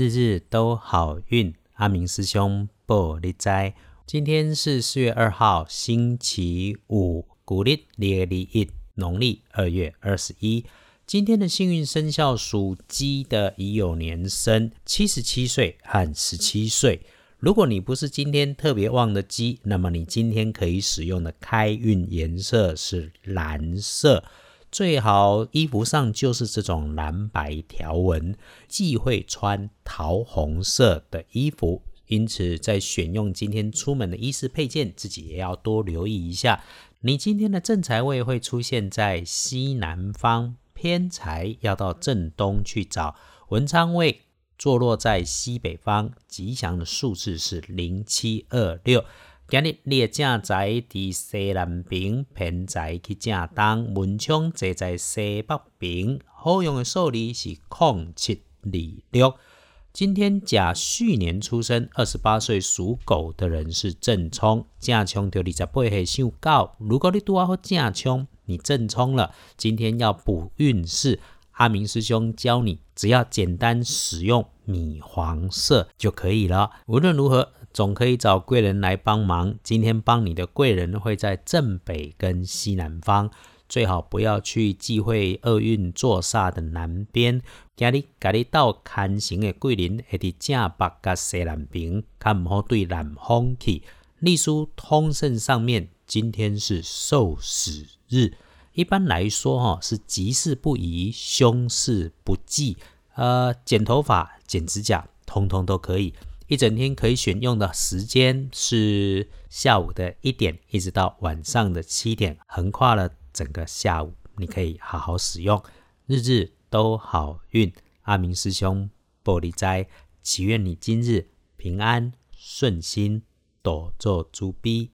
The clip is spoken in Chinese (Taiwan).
日日都好運，阿明師兄，不離哉。今天是四月二號，星期五，古曆廿二，農曆二月二十一。今天的幸運生肖屬雞的已有年生七十七歲和十七歲。如果你不是今天特別旺的雞，那麼你今天可以使用的開運顏色是藍色。最好衣服上就是這種藍白條紋，忌諱穿桃紅色的衣服。因此，在選用今天出門的衣飾配件，自己也要多留意一下。你今天的正財位會出現在西南方，偏財要到正東去找。文昌位坐落在西北方，吉祥的數字是零七二六。今日你的正財佇西南邊，偏財去正東，文昌坐在西北邊，好用的數字是空七二六。今天甲戌年出生，二十八歲屬狗的人是正沖，正沖著二十八歲屬狗，如果你拄好正沖，你正沖了。今天要補運勢，阿明師兄教你，只要簡單使用，米黃色就可以了。無論如何，總可以找貴人來幫忙。今天幫你的貴人會在正北跟西南方，最好不要去忌諱厄運坐煞的南邊。今日跟你到看行的貴人，會在正北跟西南平，看唔好對南方去。隸書通勝上面，今天是受死日，一般來說哈，是吉事不宜，凶事不忌。呃，剪頭髮、剪指甲，通通都可以。一整天可以選用的時間是下午的一點，一直到晚上的七點，橫跨了整個下午，你可以好好使用。日日都好運，阿明師兄，報你知，祈願你今日平安順心，多做準備。